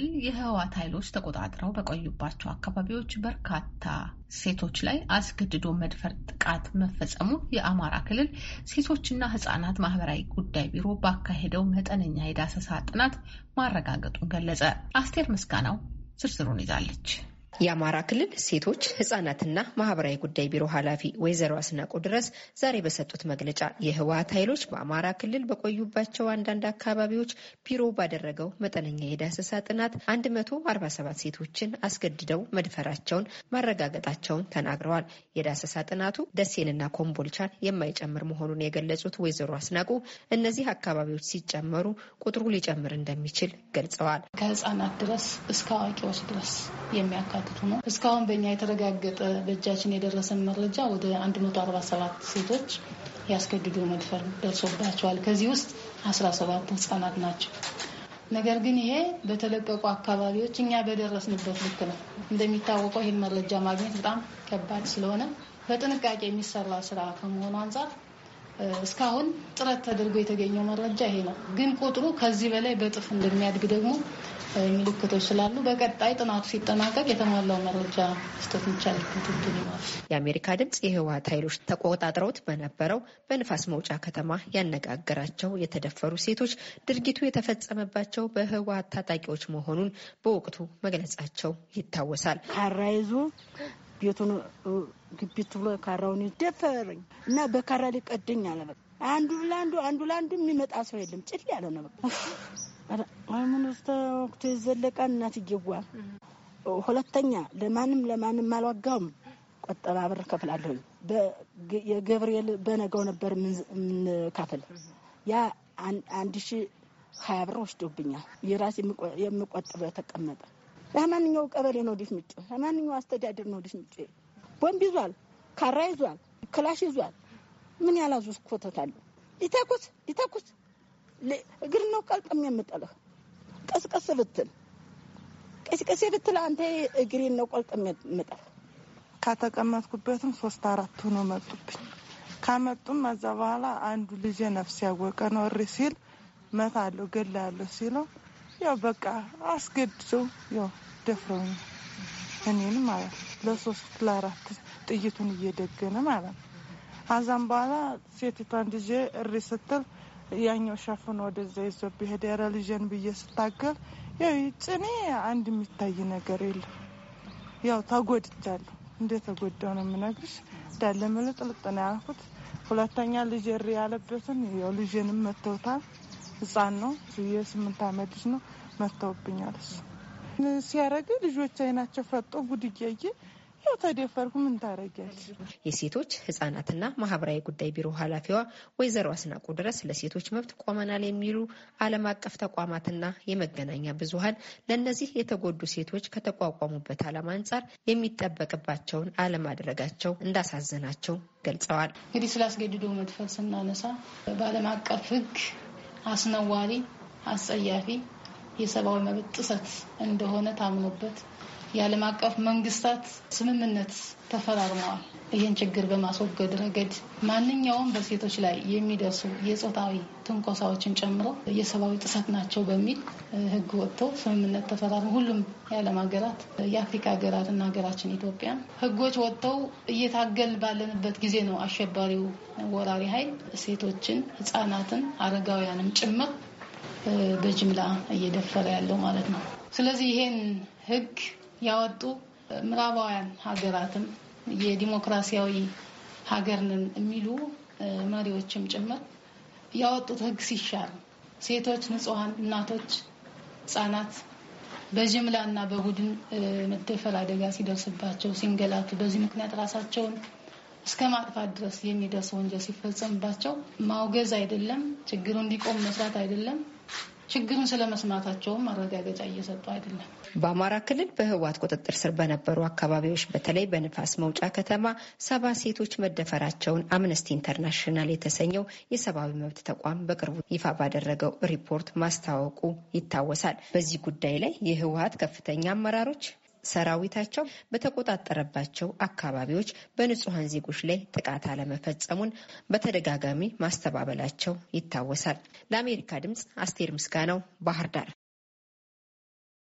ክልል የህወሓት ኃይሎች ተቆጣጥረው በቆዩባቸው አካባቢዎች በርካታ ሴቶች ላይ አስገድዶ መድፈር ጥቃት መፈጸሙ የአማራ ክልል ሴቶችና ህጻናት ማህበራዊ ጉዳይ ቢሮ ባካሄደው መጠነኛ የዳሰሳ ጥናት ማረጋገጡን ገለጸ። አስቴር ምስጋናው ዝርዝሩን ይዛለች። የአማራ ክልል ሴቶች ህጻናትና ማህበራዊ ጉዳይ ቢሮ ኃላፊ ወይዘሮ አስናቆ ድረስ ዛሬ በሰጡት መግለጫ የህወሀት ኃይሎች በአማራ ክልል በቆዩባቸው አንዳንድ አካባቢዎች ቢሮ ባደረገው መጠነኛ የዳሰሳ ጥናት 147 ሴቶችን አስገድደው መድፈራቸውን ማረጋገጣቸውን ተናግረዋል። የዳሰሳ ጥናቱ ደሴንና ኮምቦልቻን የማይጨምር መሆኑን የገለጹት ወይዘሮ አስናቁ እነዚህ አካባቢዎች ሲጨመሩ ቁጥሩ ሊጨምር እንደሚችል ገልጸዋል። ከህጻናት ድረስ እስከ አዋቂዎች ድረስ የሚያካ የሚያካትቱ ነው። እስካሁን በእኛ የተረጋገጠ በእጃችን የደረሰን መረጃ ወደ 147 ሴቶች ያስገድዶ መድፈር ደርሶባቸዋል። ከዚህ ውስጥ 17 ህጻናት ናቸው። ነገር ግን ይሄ በተለቀቁ አካባቢዎች እኛ በደረስንበት ልክ ነው። እንደሚታወቀው ይህን መረጃ ማግኘት በጣም ከባድ ስለሆነ በጥንቃቄ የሚሰራ ስራ ከመሆኑ አንጻር እስካሁን ጥረት ተደርጎ የተገኘው መረጃ ይሄ ነው። ግን ቁጥሩ ከዚህ በላይ በጥፍ እንደሚያድግ ደግሞ ምልክቶች ስላሉ በቀጣይ ጥናቱ ሲጠናቀቅ የተሟላው መረጃ ስቶት የሚቻልበት እድል የአሜሪካ ድምጽ የህወሀት ኃይሎች ተቆጣጥረውት በነበረው በንፋስ መውጫ ከተማ ያነጋገራቸው የተደፈሩ ሴቶች ድርጊቱ የተፈጸመባቸው በህወሀት ታጣቂዎች መሆኑን በወቅቱ መግለጻቸው ይታወሳል። ካራይዙ ቤቱን ግቢት ብሎ ካራውን ይደፈረኝ እና በካራ ሊቀደኝ አለ። አንዱ ለአንዱ አንዱ ለአንዱ የሚመጣ ሰው የለም። ጭል ያለ ነው በቃ ሃይማኖት ተወቅቶ የዘለቀ እናትዬዋ ሁለተኛ ለማንም ለማንም አልዋጋውም። ቆጠባ ብር ከፍላለሁ። የገብርኤል በነገው ነበር የምንከፍል ያ አንድ ሺ ሀያ ብር ወስዶብኛል። የራስ የምቆጥበ ተቀመጠ። ለማንኛው ቀበሌ ነው ዲስ ምጭ ለማንኛው አስተዳደር ነው ዲስ ምጭ ቦምብ ይዟል፣ ካራ ይዟል፣ ክላሽ ይዟል። ምን ያላዙ ኮተት አለ። ይተኩስ ይተኩስ እግር ነው ቀልቅም የምጥልህ ቀስቀስ ብትል ቀስቀሴ ብትል አንተ እግሬን ነው ቆልጥም የምጥልህ። ከተቀመጥኩበትም ሶስት አራት ሆኖ መጡብኝ። ከመጡም እዛ በኋላ አንዱ ልጅ ነፍስ ያወቀ ነው እሪ ሲል መታለሁ ገላለሁ ሲለው ያው በቃ አስገድደው ያው ደፍረውኝ እኔን ማለት ለሶስት ለአራት ጥይቱን እየደገነ ማለት ነው። አዛም በኋላ ሴቲቷን ልጄ እሪ ስትል ያኛው ሸፍኖ ወደዛ ይዞ ቢሄድ ኧረ ብዬ ስታገል ያው ጭኔ አንድ የሚታይ ነገር የለም። ያው ተጎድቻለሁ። እንዴት ተጎዳው ነው የምነግርሽ። እንዳለ ምልጥልጥ ነው ያልኩት። ሁለተኛ ልጅ ሪ ያለበትን ያው ልጅንም መተውታል። ህፃን ነው የስምንት አመት ልጅ ነው መተውብኛል። እሱ ሲያረግ ልጆች አይናቸው ፈጦ ጉድ እያየ ያው ተደፈርኩ፣ ምን ታረጊያለሽ? የሴቶች ህጻናትና ማህበራዊ ጉዳይ ቢሮ ኃላፊዋ ወይዘሮ አስናቁ ድረስ ለሴቶች መብት ቆመናል የሚሉ ዓለም አቀፍ ተቋማትና የመገናኛ ብዙሀን ለእነዚህ የተጎዱ ሴቶች ከተቋቋሙበት ዓላማ አንጻር የሚጠበቅባቸውን አለማድረጋቸው እንዳሳዘናቸው ገልጸዋል። እንግዲህ ስላስገድዶ መድፈር ስናነሳ በዓለም አቀፍ ህግ አስነዋሪ፣ አስጸያፊ የሰብአዊ መብት ጥሰት እንደሆነ ታምኖበት የዓለም አቀፍ መንግስታት ስምምነት ተፈራርመዋል። ይህን ችግር በማስወገድ ረገድ ማንኛውም በሴቶች ላይ የሚደርሱ የጾታዊ ትንኮሳዎችን ጨምሮ የሰብአዊ ጥሰት ናቸው በሚል ህግ ወጥቶ ስምምነት ተፈራርሞ ሁሉም የዓለም ሀገራት የአፍሪካ ሀገራት እና ሀገራችን ኢትዮጵያን ህጎች ወጥተው እየታገል ባለንበት ጊዜ ነው አሸባሪው ወራሪ ኃይል ሴቶችን፣ ህጻናትን፣ አረጋውያንም ጭምር በጅምላ እየደፈረ ያለው ማለት ነው። ስለዚህ ይሄን ህግ ያወጡ ምዕራባውያን ሀገራትም የዲሞክራሲያዊ ሀገር ነን የሚሉ መሪዎችም ጭምር ያወጡት ህግ ሲሻር ሴቶች፣ ንጹሀን እናቶች፣ ህጻናት በጅምላ እና በቡድን መደፈር አደጋ ሲደርስባቸው ሲንገላቱ በዚህ ምክንያት ራሳቸውን እስከ ማጥፋት ድረስ የሚደርስ ወንጀል ሲፈጸምባቸው ማውገዝ አይደለም፣ ችግሩ እንዲቆም መስራት አይደለም ችግሩን ስለመስማታቸውም ማረጋገጫ እየሰጡ አይደለም። በአማራ ክልል በህወሓት ቁጥጥር ስር በነበሩ አካባቢዎች በተለይ በንፋስ መውጫ ከተማ ሰባ ሴቶች መደፈራቸውን አምነስቲ ኢንተርናሽናል የተሰኘው የሰብአዊ መብት ተቋም በቅርቡ ይፋ ባደረገው ሪፖርት ማስታወቁ ይታወሳል። በዚህ ጉዳይ ላይ የህወሓት ከፍተኛ አመራሮች ሰራዊታቸው በተቆጣጠረባቸው አካባቢዎች በንጹሐን ዜጎች ላይ ጥቃት አለመፈጸሙን በተደጋጋሚ ማስተባበላቸው ይታወሳል። ለአሜሪካ ድምፅ አስቴር ምስጋናው ባህር ዳር